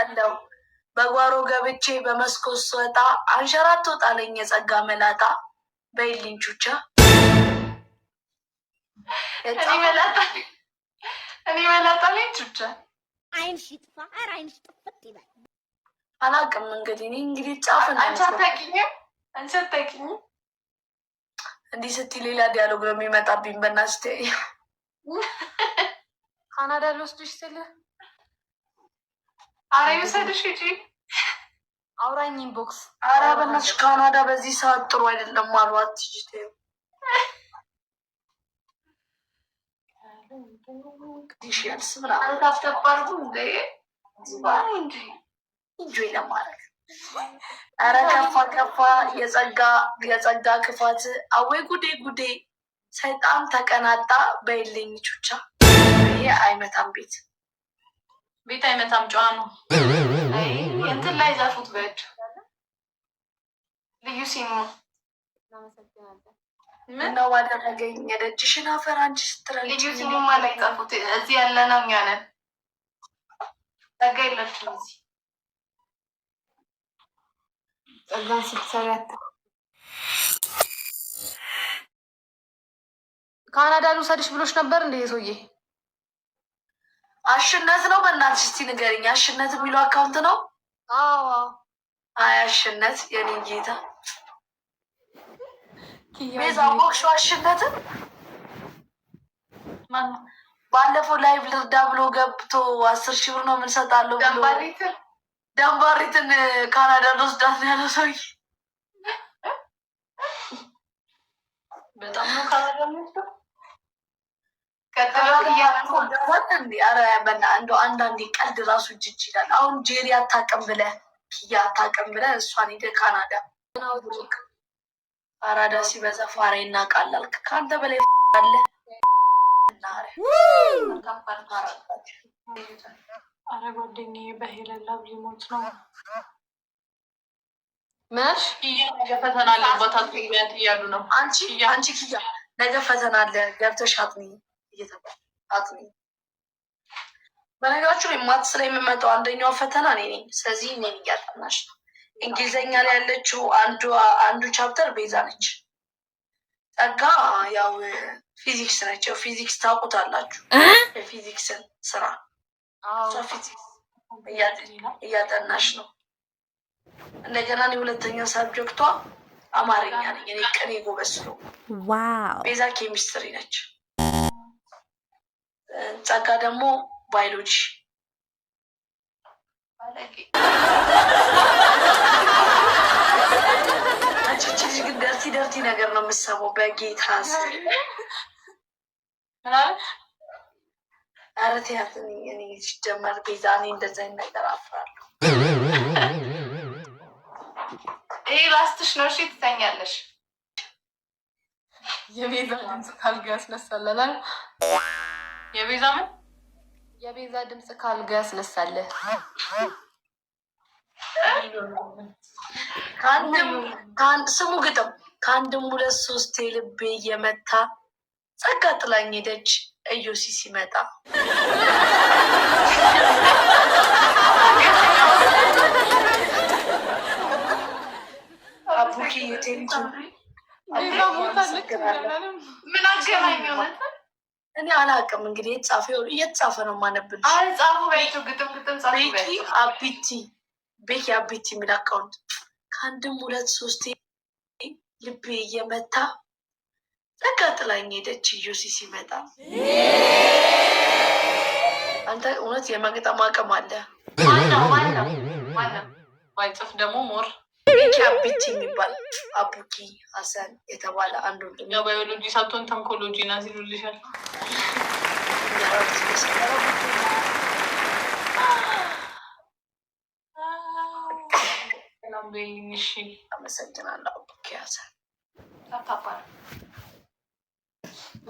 አለው። በጓሮ ገብቼ በመስኮት ስወጣ አንሸራቶ ጣለኝ የጸጋ መላጣ። በይልኝ ቹቻ እኔ መላጣ ላይ ቹቻ አይንሽ ይጥፋ፣ ኧረ አይንሽ ጥፍት ይበል። አላውቅም እንግዲህ እኔ እንግዲህ ጫፍ አንቺ አታውቂኝም፣ እንዲህ ስትይ ሌላ ዲያሎግ ነው የሚመጣብኝ። በእናትሽ ካናዳ ልወስድሽ ስልህ አረ ይውሰድሽ ሂጂ አውራኝ ኢንቦክስ። አረ በእናትሽ ካናዳ በዚህ ሰዓት ጥሩ አይደለም አሉ። አትጅት ታፍተባርጉ እንዴ ከፋ ከፋ የጸጋ ክፋት አዌ ጉዴ ጉዴ ሰይጣን ተቀናጣ በይልኝ ቹቻ ይሄ አይመታም ቤት ቤት አይመታም። ጨዋ ነው። እንትን ላይ ዛፉት በእጅ ልዩ ሲሙ ምን ነው ባደረገኝ የደጅሽን አፈር አንቺ ስትረ ልዩ ሲሙ ማለቀፉት እዚህ ያለ ነው። እኛ ነን ጸጋ የለችም እዚህ ጸጋን ስትሰሪያት ካናዳ ልውሰድሽ ብሎች ነበር እንደ ሰውዬ አሽነት ነው። በእናትሽ ስቲ ንገርኝ፣ አሽነት የሚለው አካውንት ነው? አይ አሽነት፣ የኔ ጌታ ቤዛ አሽነትን ባለፈው ላይቭ ልርዳ ብሎ ገብቶ አስር ሺህ ብር ነው የምንሰጣለሁ ብሎ ደንባሪትን ካናዳ ልወስዳት ነው ያለው ሰውዬ። በጣም ነው ካናዳ እንደ አንዳንድ ቀልድ ራሱ እጅ እጅ ይላል። አሁን ጄሪ አታውቅም ብለህ ኪያ አታውቅም ብለህ እሷን ሄደህ ካናዳ አራዳ ሲበዛ ፋራ ይናቃላል። ከአንተ በላይ አለ አረ ጓደኛዬ በሄለላ ሊሞት ነው። ምንሽ ፈተና አለባት እያሉ ነው። አንቺ አንቺ ኪያ ነገ ፈተና አለ ገብተሽ አጥኚ እየተባለ በነገራችሁ ላይ ማትስ ላይ የምመጣው አንደኛው ፈተና እኔ ነኝ። ስለዚህ እኔን እያጠናች ነው። እንግሊዝኛ ላይ ያለችው አንዱ አንዱ ቻፕተር ቤዛ ነች። ጸጋ ያው ፊዚክስ ነች። ያው ፊዚክስ ታውቁታላችሁ፣ የፊዚክስን ስራ እያጠናች ነው። እንደገና ሁለተኛው ሳብጀክቷ አማርኛ ነኝ። እኔ ቅኔ ጎበስ ነው። ቤዛ ኬሚስትሪ ነች። ጸጋ ደግሞ ባዮሎጂ ግን ደርቲ ደርቲ ነገር ነው የምሰማው። በጌታ ኧረ ተያት። እኔ ሲጀመር ቤዛ እኔ እንደዛ ነገር አፍራለሁ። ይህ ላስትሽ ነው። እሺ ትተኛለሽ። የቤዛ ድምፅ ካልጋ ያስነሳለናል። የቤዛ ምን የቤዛ ድምፅ ካልጋ ያስነሳለህ። ከአንድ ስሙ ግጥም ከአንድም ሁለት ሶስት የልቤ እየመታ ጸጋ ጥላኝ ሄደች እዮሲ ሲመጣ አቡኪ ቴንቱ ምን አገናኘው? እኔ አላውቅም። እንግዲህ የተጻፈ እየተጻፈ ነው ማነብን አልጻፉ ግጥም ግጥም አቢቲ ቤኪ አቢቲ የሚል አካውንት ከአንድም ሁለት ሶስት ልቤ እየመታ በቃ ጥላኝ ሄደች። እዮሲ ሲመጣ አንተ እውነት የመግጠም አቅም አለ። ዋናው ዋናው ዋናው ባይጽፍ ደግሞ ሞር ሻ ብቺ የሚባል አቡኪ ሀሰን የተባለ አንድ ባዮሎጂ ሳቶን ታንኮሎጂ ና ሲሉልሻል አመሰግናለሁ። አቡኪ ሀሰን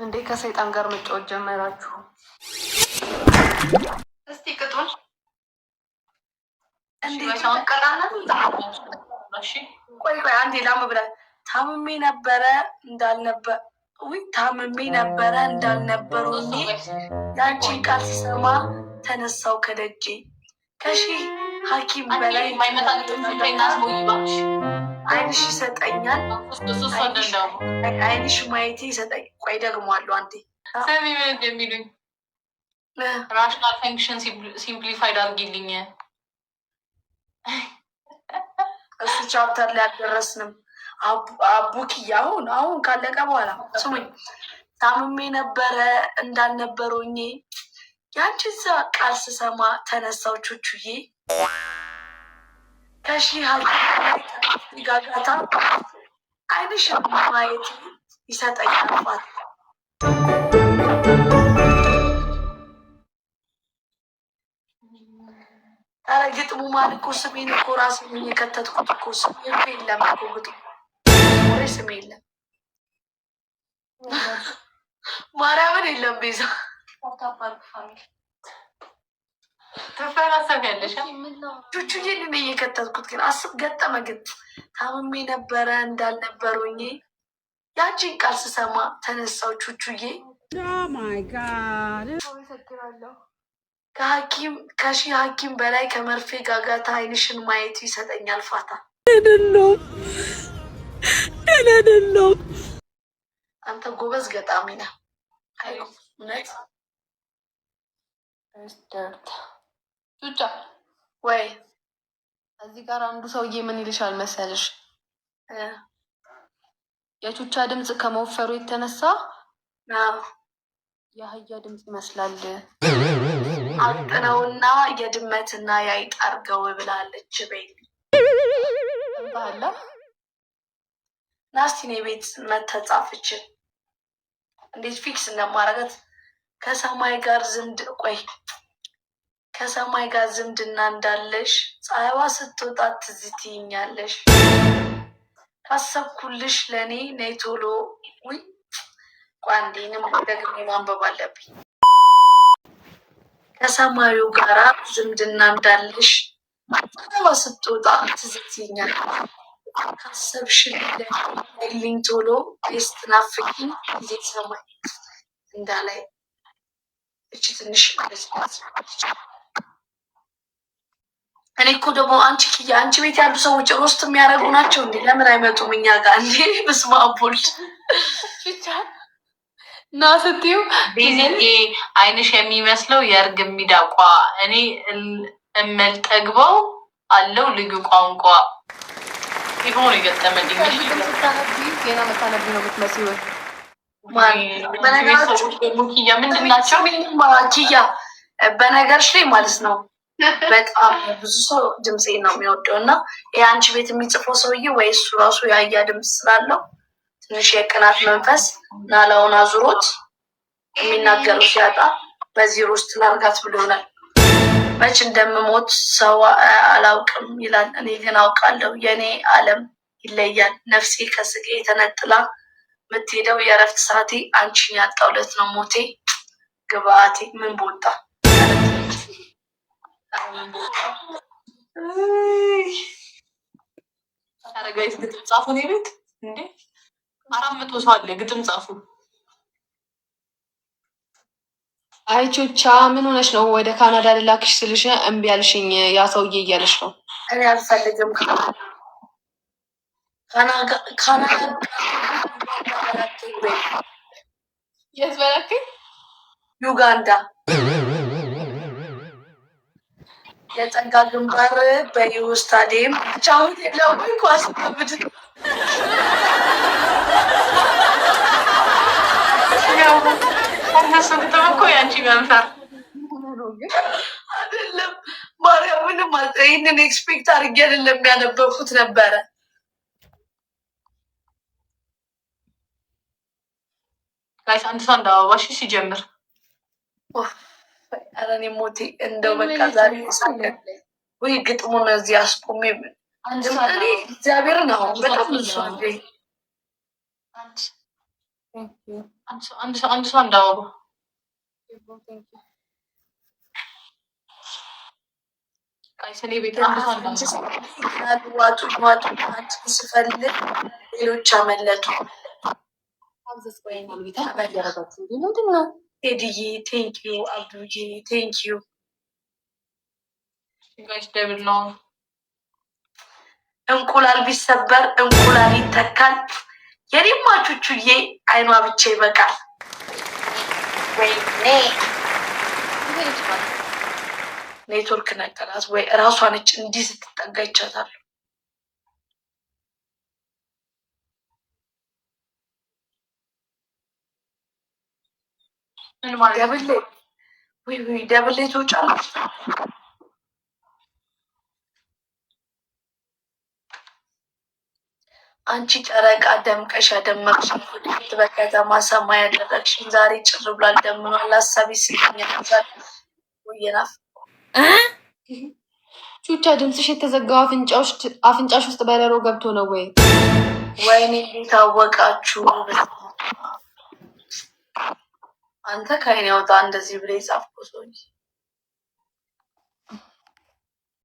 እንዴ ከሰይጣን ጋር መጫወት ጀመራችሁ? እስቲ ቅጡን እንዴ ቀጣና ቆይ ቆይ አንዴ ላም ብላ ታምሜ ነበረ እንዳልነበ ውይ ታምሜ ነበረ እንዳልነበሩ ያንቺን ቃል ስሰማ ተነሳው ከደጄ ከሺህ ሐኪም በላይ አይንሽ ይሰጠኛል። አይንሽ ማየቴ ይሰጠኝ። ቆይ ደግሞ አሉ አንዴ ሰሚ የሚሉኝ ራሽናል ፈንክሽን ሲምፕሊፋይድ አድርጊልኝ እሱ ቻፕተር ላይ አልደረስንም። አቡኪያ አሁን አሁን ካለቀ በኋላ ስሙኝ፣ ታምሜ ነበረ እንዳልነበረኝ እኔ ያንቺ እዛ ቃል ስሰማ ተነሳው ቹቹዬ ከሺ ጋጋታ ዓይንሽ ማየት ይሰጠኛል። ኧረ ግጥሙ ማን እኮ ስሜን እኮ ራሴን የከተትኩት እኮ ስሜ የለም እኮ ግጥሙ ወሬ ስሜ የለም ማርያምን የለም ቤዛ ትፈላሰፊያለሽ ቹቹዬ እኔ ነኝ የከተትኩት ግን አስብ ገጠመ ግን ታምሜ ነበረ እንዳልነበሩኝ ያቺን ቃል ስሰማ ተነሳው ቹቹዬ ማይ oh ጋድ ከሺህ ሐኪም በላይ ከመርፌ ጋጋታ አይንሽን ማየቱ ይሰጠኛል ፋታ። አንተ ጎበዝ ገጣሚ ነ ጩጫ ወይ እዚህ ጋር አንዱ ሰውዬ ምን ይልሻል መሰልሽ? የቹቻ ድምፅ ከመወፈሩ የተነሳ የአህያ ድምፅ ይመስላል። አቅነውና የድመትና የአይጥ አርገው ብላለች። ቤት ባላ ናስቲን የቤት መተጻፍች እንዴት ፊክስ እንደማረገት ከሰማይ ጋር ዝምድ ቆይ ከሰማይ ጋር ዝምድና እንዳለሽ ፀሐይዋ ስትወጣ ትዝ ትይኛለሽ። ካሰብኩልሽ ለእኔ ነይ ቶሎ ውይ ቋንዴንም ደግሜ ማንበብ አለብኝ። ከሰማዩ ጋር ዝምድና እንዳለሽ አበባ ስትወጣ ትዝትኛል። ካሰብሽልኝ ቶሎ ቤስት ናፍቂኝ ጊዜ ሰማይ እንዳላይ እች ትንሽ እኔ እኮ ደግሞ አንቺ ኪያ አንቺ ቤት ያሉ ሰዎች ሮስት የሚያደርጉ ናቸው እንዴ? ለምን አይመጡም እኛ ጋር እንዴ? ብስማ አብ ብቻ እና ስትዩ ቤዝዬ አይንሽ የሚመስለው የእርግ የሚዳቋ እኔ እመልጠግበው አለው ልዩ ቋንቋ ይሆን የገጠመልኝ ዜና ላይ ማለት ነው በጣም ብዙ ሰው ድምፄ ነው የሚወደው እና የአንቺ ቤት የሚጽፈው ሰውዬ ወይ እሱ ራሱ ያያ ድምፅ ስላለው ትንሽ የቅናት መንፈስ ናላውን አዙሮት የሚናገሩ ሲያጣ በዚህ ውስጥ ላርጋት ብሎናል። መች እንደምሞት ሰው አላውቅም ይላል፣ እኔ ግን አውቃለሁ። የእኔ ዓለም ይለያል። ነፍሴ ከስጋ የተነጥላ የምትሄደው የእረፍት ሰዓቴ አንቺን ያጣውለት ነው ሞቴ ግብአቴ ምን ቦታ ቤት እንዴ አራት መቶ ሰው አለ። ግጥም ጻፉ። አይቾቻ ምን ሆነሽ ነው? ወደ ካናዳ ልላክሽ ስልሽ እምቢ ያልሽኝ ያ ሰውዬ እያለሽ ነው። እኔ አልፈልግም ካናዳ። በላከኝ? ዩጋንዳ የጸጋ ግንባር በዩ ስታዲየም ብቻ ሆቴል ኳስ እነሱ ግጥም እኮ የአንቺ መንፈር አይደለም። ማርያም ይህንን ኤክስፔክት አድርጌ አይደለም ያነበብኩት ነበረ። ጋይስ አንድ ሰው እንደ አበባሽ ሲጀምር ኧረ እኔ ሞቴ እንደው በቃ ዛሬ ወይ ግጥሙን እዚህ አስቆሜ እኔ እግዚአብሔር ነው በጣም ብዙ አንድ ሰው አንድ ቤት ስፈልግ ሌሎች እንቁላል ቢሰበር እንቁላል ይተካል። የሪማቾቹ ዬ አይኗ ብቻ ይበቃል። ወይኔ ኔትወርክ ነገራት ወይ እራሷነች እንዲህ ስትጠጋ ይቻታል። ደብሌ ወይ ወይ ደብሌ ተወጫለች። አንቺ ጨረቃ ደምቀሽ ያደመቅሽ ሁልፊት በከተማ ሰማይ ያደረግሽን ዛሬ ጭር ብሏል ደምኗል። ሀሳቢ ስኛሳየናፍ ቹቻ ድምፅሽ የተዘጋው አፍንጫሽ ውስጥ በረሮ ገብቶ ነው ወይ? ወይኔ እንዴት አንተ ከይን ያውጣ እንደዚህ ብለ የጻፍኩ ሰው